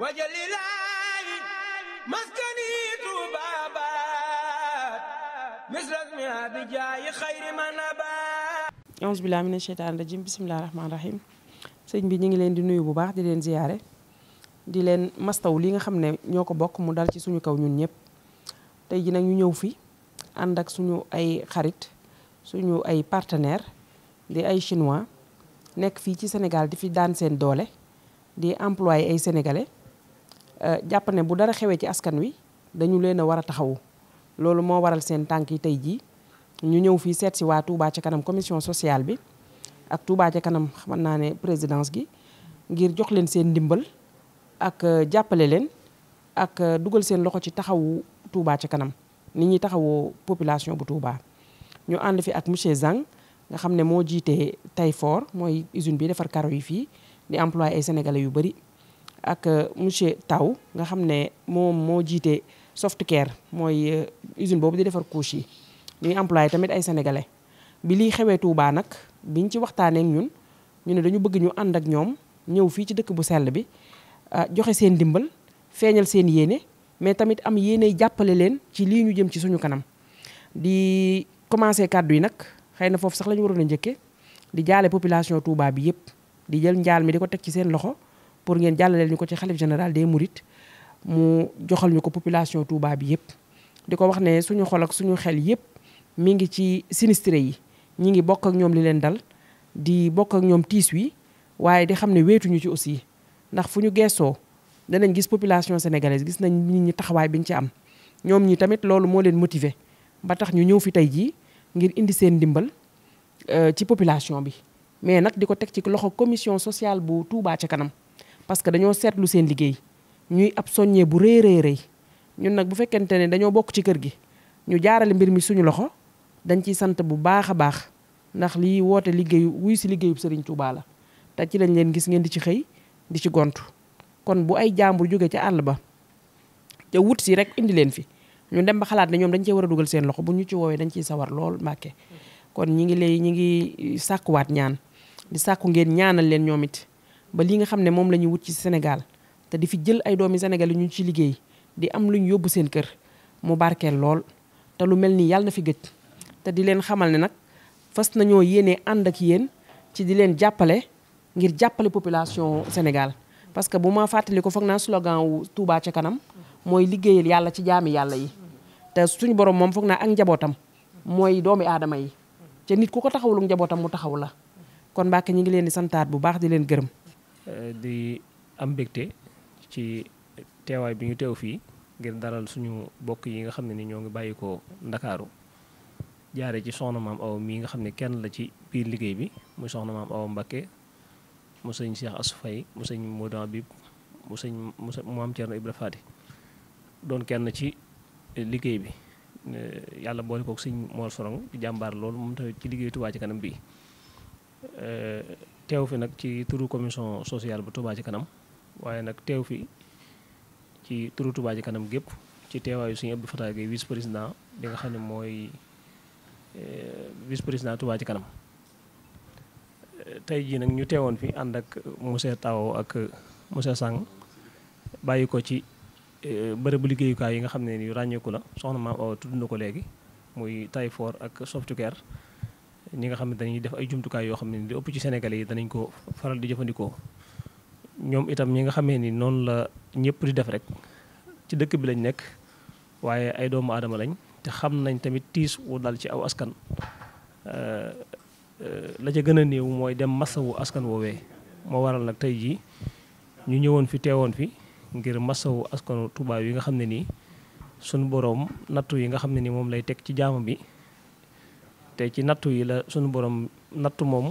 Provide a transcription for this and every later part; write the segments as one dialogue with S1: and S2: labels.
S1: wajalilaayi maskani tuubaabaat misrasmi abijaayi xayri manabaat auzu billaahi mina sheytaani rajiim bismillaahi rahmaani rahiim sëñ bi ñu ngi leen di nuyu bu baax di leen ziyaare di leen mastaw li nga xam ne ñoo ko bokk mu dal ci suñu kaw ñun ñëpp tey ji nag ñu ñëw fi ànd ak suñu ay xarit suñu ay partenaire di ay chinois nekk fii ci senegal di fi daan seen doole di employé ay sénégalais jàpp ne bu dara xewee ci askan wi dañu leen a war a taxawu loolu moo waral seen tànk yi tey jii ñu ñëw fii seet si waa Touba ca kanam commission sociale bi ak Touba ci kanam mën naa ne présidence gi ngir jox leen seen ndimbal ak euh, jàppale leen ak euh, dugal seen loxo ci taxawu Touba ci kanam ni ñuy taxawoo population bu Touba. ñu ànd fi ak monsieur Zang nga xam ne moo jiite Tayfor mooy usine bi defar karo yi fii di employé ay sénégalais yu bëri. ak euh, monsieur Taw nga xam ne mo jité soft care moy euh, usine bobu di defar couche yi ñuy employé tamit ay sénégalais bi li xewé Touba nak biñ ci waxtané ñun ñu ne dañu bëgg ñu and ak ñom ñëw fi ci dëkk bu sel bi ah, joxé seen dimbal feeñal seen yéné mais tamit am yéné jappalé leen ci li ñu jëm ci suñu kanam di commencer cadeau yi nak xeyna fofu sax lañu ñu waroon di jaale population Touba bi yépp di jël njaal mi di tek ci seen loxo. pour ngeen jàllaleel ñu ko ci xalif général de Mourides mu joxal ñu ko population Touba bi yëpp. di ko wax ne suñu xol ak suñu xel yëpp mi ngi ci sinistre yi ñi ngi bokk ak ñoom li leen dal di bokk ak ñoom tiis wi waaye di xam ne wéetuñu ci aussi ndax fu ñu geesoo danañ gis population sénégalaise gis nañ nit ñi taxawaay bi ñu ci am ñoom ñi tamit loolu moo leen motiver ba tax ñu ñëw fi tey jii ngir indi seen ndimbal euh, ci population bi mais nag di ko teg ci loxo commission sociale bu Touba ca kanam parce que dañoo seetlu seen liggéey ñuy ab soññee bu rëy rëy rëy ñun nag bu fekkente ne dañoo bokk ci kër gi ñu jaarale mbir mi suñu loxo dañ ciy sant bu baax a baax ndax lii woote liggéeyu wuy si liggéeyub Serigne Touba la te ci lañ leen gis ngeen di ci xëy di ci gontu kon bu ay jàmbur jóge ca àll ba te wut si rek indi leen fi ñu dem ba xalaat ne ñoom dañ cee war a dugal seen loxo bu ñu ci woowee dañ ciy sawar lool Mbàkke kon ñi ngi lay ñi ngi eh, sàkkuwaat ñaan di sàkku ngeen ñaanal leen ñoom it ba lii nga xam ne moom la ñuy wut ci senegal te di fi jël ay doomi Sénégal yi ñu ci liggéey di am lu ñu yóbbu seen kër mu barkeel lool te lu mel nii yàlla na fi gëj te di leen xamal ne nag fas nañoo yéenee ànd yéen ci di leen jàppale ngir jàppale population Sénégal parce que bu ma fàttali ko foog naa slogan wu Touba ca kanam mooy liggéeyal yàlla ci jaami yàlla yi te suñu borom moom foog naa ak njabootam mooy doomi aadama yi te nit ku ko taxawlu njabootam mu taxaw la kon Mbàkke ñi ngi leen di santaat bu baax di leen gërëm
S2: Euh, di am mbégte ci teewaay bi ñu teew fii ngir daral suñu bokk yi nga xam ne ni ñoo ngi bàyyi ko ndakaaru jaare ci soxna maam aw mii nga xam ne kenn la ci biir liggéey bi muy soxna maam aw Mbakke mu sëñ Cheikh Assou Faye mu sëñ Modou Habib mu sëñ mu am Thierno Ibra Fati doon kenn ci liggéey bi euh, yàlla boole kook sëñ Mor Sorong jàmbaar loolu moom tamit ci liggéey Touba ci kanam bii euh, teew fi nag ci turu commission sociale bu Touba ci kanam waaye nag teew fi ci turu Touba ci kanam gépp ci teewaayu suñu Abdou Fatah Gueye vice président bi nga xam ne mooy eh, vice président Touba ci kanam eh, tey jii nag ñu teewoon fi ànd ak monsieur Taw ak monsieur Sang bàyyi ko ci eh, bërëbu liggéeyukaay yi nga xam ne yu ràññeeku la soxna maam awa tudd na ko léegi muy Taïfor ak Softcare ñi nga xam ne dañuy def ay jumtukaay yoo xam ne li ëpp ci Sénégalais yi danañ ko faral di jëfandikoo ñoom itam ñi nga xamee ni noonu la ñëpp di def rek ci dëkk bi lañ nekk waaye ay doomu aadama lañ te xam nañ tamit tiis wu dal ci aw askan euh, euh, la ca gën a néew mooy dem wu askan woowee moo waral nag tey jii ñu ñëwoon fi teewoon fi ngir wu askanu tubaab yi nga xam ne nii sunu boroom nattu yi nga xam ne nii moom lay teg ci jaamam bi te ci nattu yi la sunu borom nattu moom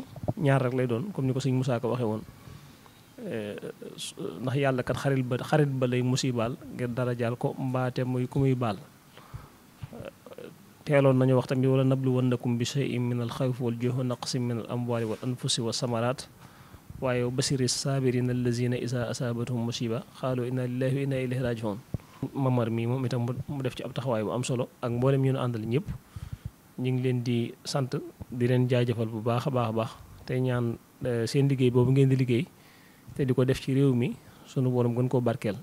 S2: ñaar rek lay doon comme ni ko sëñ Moussa ko waxee woon ndax yàlla kat xarit ba xarit ba lay musibaal ngir dara jaal ko mbaate muy ku muy baal teeloon nañu wax tamit wala nablu wannakum bi shay'in min al xawfi wal juhu wa min al amwali wal anfusi wa samaraat waaye basiri saabirina allazina isa asabatuhum musiba xaalu inna lillahi wa inna ilayhi rajiun mamar mii moom itam mu def ci ab taxawaay bu am solo ak mboolem ñu àndal ñëpp ñu ngi leen di sant di leen jaajëfal bu baax a baax a baax te ñaan eh, seen liggéey boobu ngeen di liggéey te di ko def ci réew mi sunu borom gën koo barkeel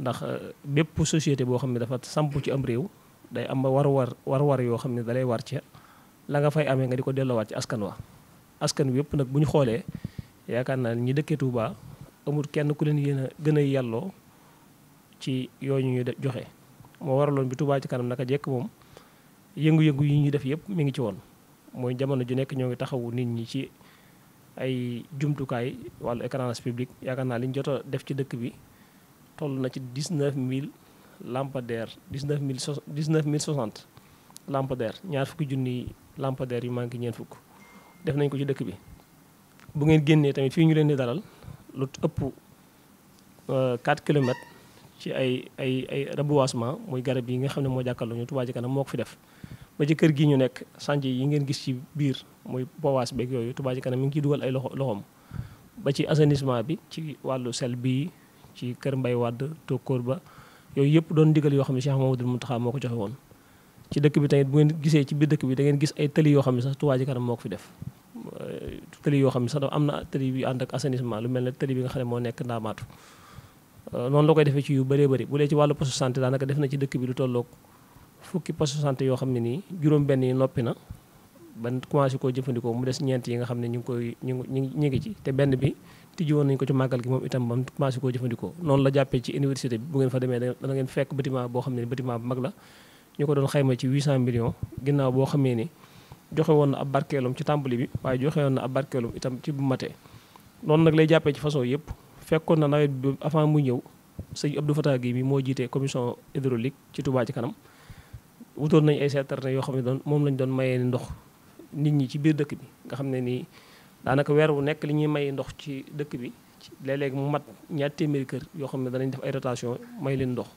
S2: ndax eh, bépp société boo xam ne dafa samp ci am réew day am war war war war yoo xam ne dalay war ca la nga fay amee nga di ko delloowaat ci askan wa askan wi yëpp nag bu ñu xoolee yaakaar naa ñi dëkkee Touba amul kenn ku leen yéen a gën a yelloo ci yooyu ñu joxe moo waraloon bi Touba ci kanam naka jekk moom yëngu-yëngu yi ñuy def yëpp mi ngi ci woon mooy jamono ju nekk ñoo ngi taxawu nit ñi ci ay jumtukaay wàllu écranage public yaakaar naa li ñu jot a def ci dëkk bi toll na ci 19000 lampadaires 19000 so 19060 lampadaire ñaar fukki junni lampadaire yu manqué ñeent fukk def nañ ko ci dëkk bi. bu ngeen génnee tamit fii ñu leen di dalal lu ëpp 4 euh, kilomètres ci ay ay ay reboisement muy garab yi nga xam ne moo jàkkaarloo ñu Touba ji Kanam moo ko fi def. ba ci kër gi ñu nekk chantier yi ngeen gis ci biir muy bowaas beeg yooyu Touba Ca Kanam mi ngi ciy dugal ay loxo loxoom ba ci assainissement bi ci wàllu sel bii ci kër Mbay Wàdd Tokkoor ba yooyu yëpp doon ndigal yoo xam ne Cheikh Mamadou Mountakha moo ko joxe woon ci dëkk bi tamit bu ngeen gisee ci biir dëkk bi da ngeen gis ay tëli yoo xam ne sax Touba Ca Kanam moo ko fi def tëli yoo xam ne sax dafa am na tëli yu ànd ak assainissement lu mel ne tëli bi nga xam ne moo nekk ndaamaatu noonu la koy yu bëree bëri bu dee ci wàllu poste santé def na ci dëkk bi lu fukki poste santé yoo xam ne nii juróom-benn yi noppi na ban commencé koo jëfandikoo mu des ñeent yi nga xam ne ñu ngi koy ñu ngi ñu ngi ci te benn bi tijji woon ko ci màggal gi moom itam bam commencé koo jëfandikoo noonu la jàppee ci université bi bu ngeen fa demee da ngeen fekk bâtiment ne bâtiment bu la ñu ko doon xayma ci 800 millions ginnaaw boo xamee ni joxe woon na ab barkeelum ci tàmbali bi waaye joxe woon na ab barkeelum itam ci bu matee noonu nag lay jàppee ci façon yëpp fekkoon na nawet bi avant muy ñëw sëñ Abdou Fatah gi bi moo jiitee commission hydraulique ci tubaa ci kanam wutoon nañu ay citerne yoo xam ne doon moom lañ doon mayee ndox nit ñi ci biir dëkk bi nga xam ne nii daanaka weer wu nekk li ñuy mayee ndox ci dëkk bi léeg-léeg mu mat ñaar téeméeri kër yoo xam ne danañ def ay rotation may leen ndox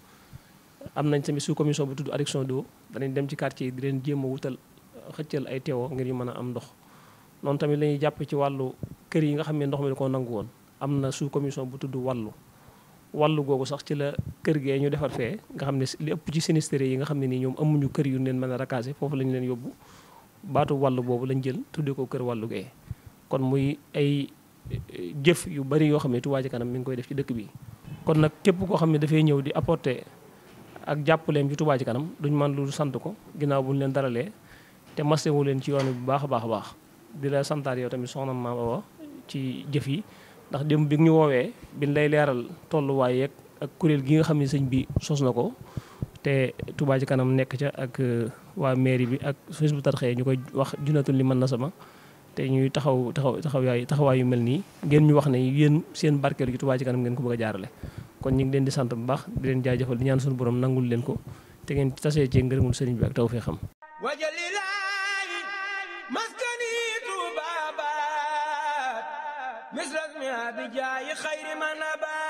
S2: am nañ tamit sous bu tudd adduction d'eau danañ dem ci quartier yi di leen jéem a wutal xëccal ay teewoo ngir ñu mën a am ndox noonu tamit lañuy jàpp ci wàllu kër yi nga xam ne ndox mi da koo nangu woon am na sous commission bu tudd wàllu wàllu googu sax ci la kër gee ñu defar fee nga xam ne li ëpp ci sinistre yi nga xam ne nii ñoom amuñu kër yu leen mën a rakaase foofu lañu leen yóbbu baatu wàllu boobu lañ jël tuddee ko kër wàllu gee kon muy ay jëf yu bari yoo xam ne Touba Ca Kanam mi ngi koy def ci dëkk bi kon nag képp koo xam ne dafay ñëw di apporter ak jàppaleem ci Touba Ca Kanam duñ man lu sant ko ginnaaw ñu leen daralee te masewu leen ci yoon bu baax a baax a baax di la santaar yow tamit soxna Mame Awa ci jëf yi ndax démb bi ñu woowee biñ lay leeral tolluwaay yeeg ak kuréel gi nga xam ne sëñ bi sos na ko te Touba ci kanam nekk ca ak euh, waa mairie bi ak Hizbut Tarqiyyah ñu koy wax junatul li mën na sama te ñuy taxaw taxaw taxaw yaay taxawaay yu mel nii ngeen ñu wax ne yéen seen barkeelu ci Touba ci kanam ngeen ko bëgg jaarale kon ñu ngi leen di sant bu baax di leen jaajëfal di ñaan suñu borom nangul leen ko te ngeen tasee ci ngërëmul sëriñ bi ak taw tawfeexam
S1: بها بجاي خير من أبى